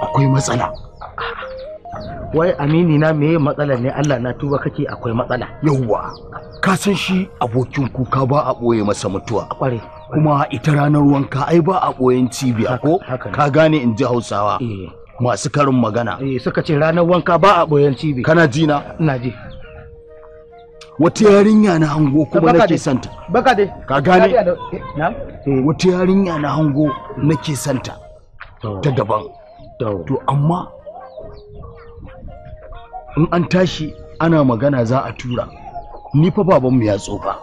akwai matsala wai amini na meye matsala ne Allah na tuba kake akwai matsala yauwa ka san shi abokin kuka ba a ɓoye masa mutuwa kuma ita ranar wanka ai ba a ɓoyen cibiya ko ka gane in ji hausawa eh. masu karin magana eh suka ce ranar wanka ba a ɓoyen cibi kana ji na ina ji wata yarinya na hango kuma nake santa baka dai ka gane eh, eh, wata yarinya na hango nake santa ta daban to amma in an tashi ana magana za a tura ni fa babanmu ya tsofa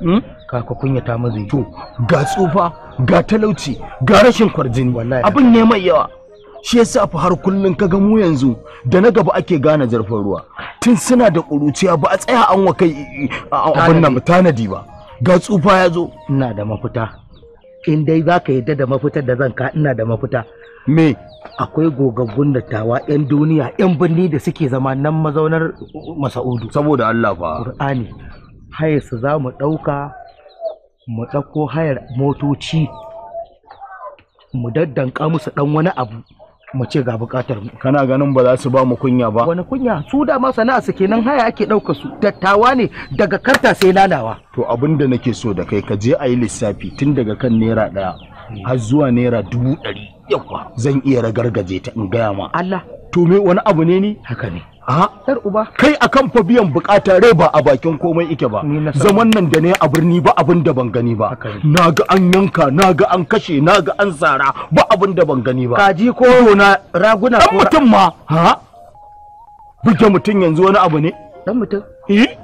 hmm? kaka ta mazi to ga tsufa ga talauci ga rashin kwarjini wallahi abin ne mai yawa shi yasa fa har kullun ka ga mu yanzu da na gaba ake gane zarfin ruwa tun suna da kuruciya ba a tsaya an wa kai abin nan tanadi ba ga tsufa ya zo ina da mafita in dai za ka yadda da mafitar da zan ka ina da mafita me akwai gogaggun dattawa 'yan duniya 'yan birni da suke zama nan mazaunar masa'udu saboda Allah fa Qur'ani hayar su za mu ɗauka mu ɗauko hayar motoci mu daddanka musu ɗan wani abu mu ce ga buƙatar mu kana ganin ba za su ba mu kunya ba wani kunya su da ma sana'a su kenan haya ake ɗauka su dattawa ne daga karta sai lalawa. to abin da nake so da kai ka je a yi lissafi tun daga kan naira ɗaya har zuwa naira dubu ɗari yawa zan iya ragargaje ta in gaya ma Allah to me wani abu ne ni haka ne a uba kai akan fa biyan bukata rai ba a bakin komai ike ba zaman nan da ne a birni ba abin da ban gani ba na ga an yanka na ga an kashe na ga an tsara ba abin da ban gani ba kaji ko na raguna ko mutum ma ha buge mutum yanzu wani abu ne dan mutum eh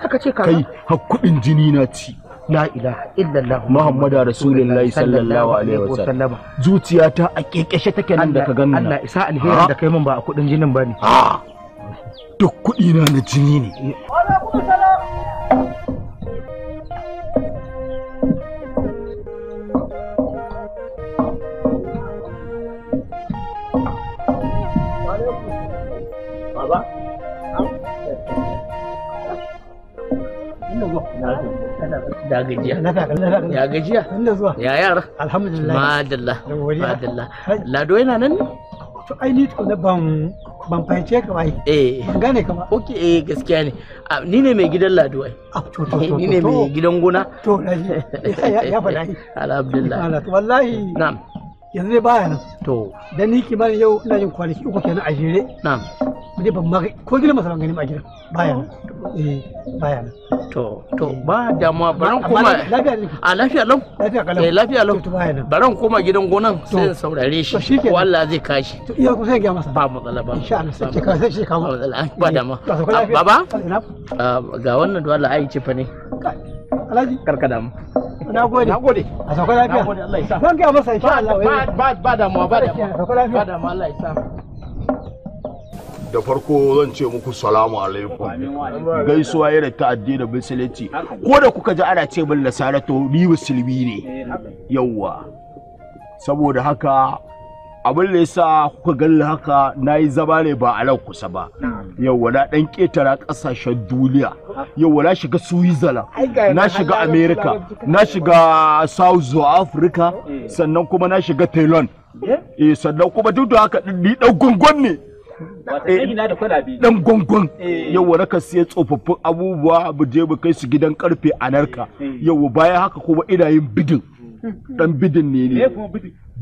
haka ce ka kai hakkudin jini na ci la ilaha illallah muhammadu rasulullahi sallallahu alaihi wasallam zuciyata a kekeshe take nan da ka ganna Allah isa alherin da kai min ba a kudin jinin bane. ne duk kudi na na jini ne Baba, da gajiya ya gajiya ya yara alhamdulillah madalla lado yana nan ne to ai ni tukuna ban ban fahimce ka bai eh ban gane ka ba okay eh gaskiya ne ah, ni ne mai gidan lado ai ah, to to to ni ne mai gidan gona to ya faɗa alhamdulillah wallahi na'am yanzu ne baya nan to dan ni kimanin yau ina yin kwanaki uku kenan a jere na'am dai ban ma ko gidan masaran ganin a gidan baya oh. eh baya to to eh. ba damuwa baran koma a lafiya lau lafiya kalau eh lafiya lau to baran koma gidan gonan sai saurare shi ko Allah zai kashi to iya ku sai ga masa ba matsala ba insha Allah sai ka sai shi ka ba eh, damuwa ah, baba ah, ga wannan da Allah ai ce fa ne Alhaji karkada mu na gode na gode a sauka lafiya na gode Allah ya sa ban ga masa insha Allah ba ba damuwa ba damuwa ba damuwa Allah ya sa da farko zan ce muku salamu alaikum gaisuwa ya ta addinin musulunci ko da kuka ji ana ce min nasara to ni musulmi ne yawwa saboda haka abin da yasa kuka gani haka na yi zama ne ba a nan kusa ba yawwa na dan ketara kasashen duniya yawwa na shiga switzerland na shiga america na shiga south africa eh. sannan kuma na shiga thailand eh? eh sannan kuma duk da haka ni dan gungun ne Eh, dan gongon eh. yawa raka siya tsofaffin abubuwa mu je mu kai su gidan karfe a narka eh, yawa bayan haka kuma ina yin bidin dan bidin ne ne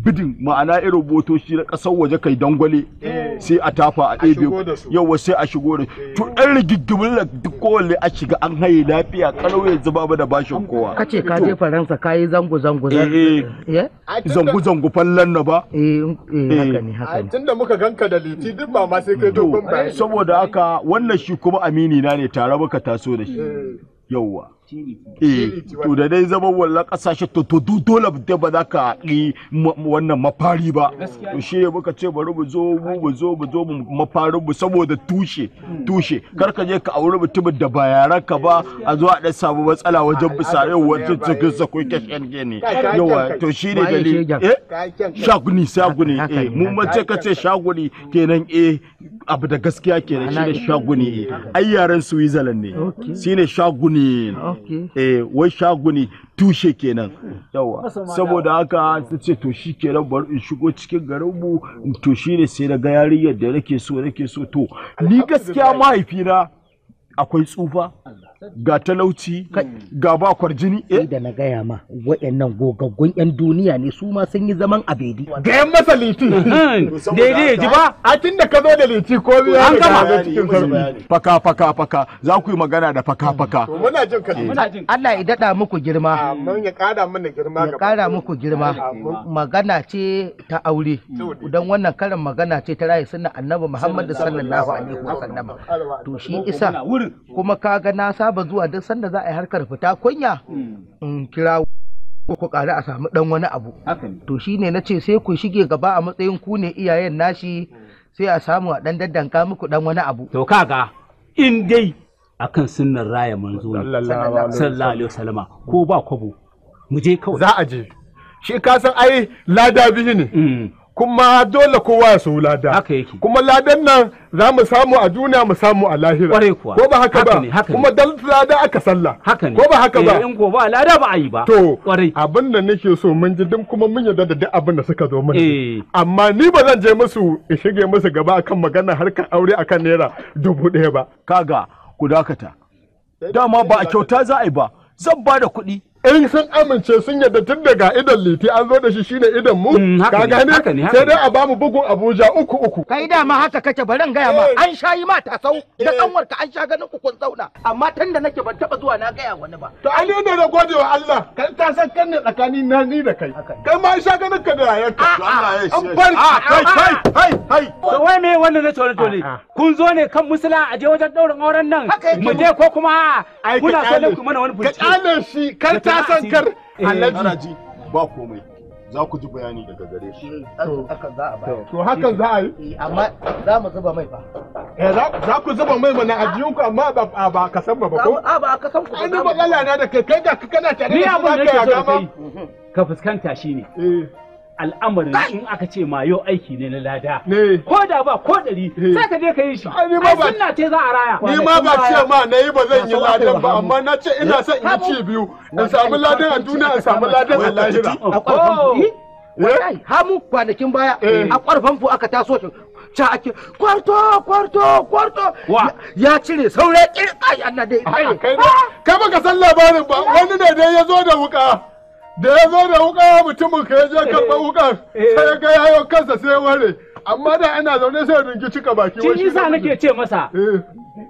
bidin ma'ana irin botoci na ƙasar waje kai dangwale eh. sai a tafa a ɗebe yawa sai a shigo da to ɗan rigigimin da kowanne a shiga an haye lafiya kalau ya zuba ba da bashin kowa kace ka je faransa ka yi zango zango zango zango fallan na ba eh, eh, eh haka ne haka ne tunda muka ganka da liti duk ba ma sai kai dogon saboda haka wannan shi kuma amini na ne tare muka taso da shi yawwa Eh, to da dai zaman wallan kasashe to to dole da ba za ka yi wannan mafari ba to shi muka ce bari mu zo mu mu zo mu zo mu mafari mu saboda tushe hmm. tushe kar ka je ka auri mutumin da ba yaran ka ba a zo a dan samu matsala wajen bisa yau wajen cikin sa kai eh. cash and ne yawa to shi ne dalili eh shaguni shaguni eh mun mace ka ce shaguni kenan eh abu da gaskiya kenan shi ne shaguni eh ai yaran Switzerland ne shi ne shaguni eh wai shaguni tushe kenan yawa saboda haka su ce to shi kenan bari in shigo cikin garin mu to ne sai na ga yarinyar da nake so nake so to ni gaskiya mahaifina akwai tsufa ga talauci hmm. ga ba kwarjini eh da na gaya ma waɗannan gogaggun yan duniya ne su ma sun yi zaman abedi ga yan masa liti hmm. daidai ya ji ba a tun da ka zo da liti ko biya an gama faka faka faka za ku yi magana da faka hmm. faka muna jin ka eh. muna jin Allah ya dada muku girma amin ya kara mana girma ya kara muku girma magana ce ta aure dan wannan karin magana ce ta rayi sunna annabi Muhammad sallallahu alaihi wasallam to shi isa kuma kaga na saba ba zuwa duk sanda za a yi harkar fita kunya hmm. in kira ko ku kare a samu ɗan wani abu to shine na ce sai ku shige gaba a matsayin ku ne iyayen nashi hmm. sai a samu a dan daddanka muku ɗan wani abu to kaga in dai akan sunnar raya manzo ne sallallahu alaihi wasallam ko ba kwabo mu je kawai za a je shi ka san ai lada bihi ne hmm. kuma dole kowa ya sau lada kuma ladan nan za mu samu a duniya mu samu a lahira ko ba haka ba kuma dal lada aka sallah eh, ko ba haka ba in ko ba lada ba a ba to abin da nake so mun ji din kuma mun yarda da duk abin da suka zo mun eh. amma ni ba zan je musu in shige musu gaba akan magana harkar aure akan naira dubu ɗaya ba kaga ku dakata dama ba a kyauta za a yi ba zan ba da kuɗi in sun amince sun yadda tun daga idan liti an zo da shi shine idan mu mm, ka gane sai dai a bamu bugun abuja uku uku kai da ma haka kace barin gaya ma eh. an sha yi ma tasau da kanwar eh. ka an sha ganin ku kun zauna amma tun da nake ban taba zuwa na gaya wani ba to an ne da gode wa Allah kai ta san kan ne tsakani na ni da kai kai ma an sha ganin ka da yayarka an bar kai kai kai kai to wai me wannan na tone tole ah, ah. kun zo ne kan musula a je wajen daurin auren nan mu je ko kuma ah, kuna so ne ku mana wani bincike ka shi kanta ta san kar eh, alhaji ba komai za ku ji bayani daga gare shi eh, to hakan za a yi eh, amma za mu zuba mai ba za ku zuba mai mana a jiyunku amma ba ka san ba ko a ba ka san ku ba ni matsala na da kai kai da kana tare da shi ka fuskanta shine eh al'amarin in aka ce ma yau aiki ne na lada ko da ba ko dari sai ka je ka yi shi ai sunna ce za a raya ni ma ba ce ma na yi ba zan yi ladan ba amma na ce ina son in ci biyu in samu ladan a duniya in samu ladan a lahira oh! eh? hamu kwanakin baya eh. a kwarfan aka taso shi ca ake kwarto kwarto kwarto ya cire saurai kirka eh, yana dai kai ba ah! ka san labarin ba wani ne dai ya zo da wuka da ya zo da wuka mutumin ka ya je karɓar eh. wukan eh. sai ya ga yayo kansa sai ware amma da ana zaune sai ringi cika baki wai shi yasa nake ce masa eh.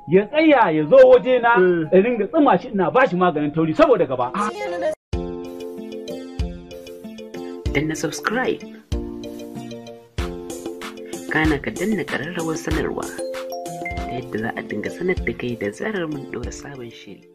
ya tsaya ya zo waje na in ringa tsima shi ina bashi maganin tauri saboda gaba ah. danna subscribe kana ka danna kararrawar sanarwa ta yadda za a dinga sanar da kai da zarar mun ɗora sabon shiri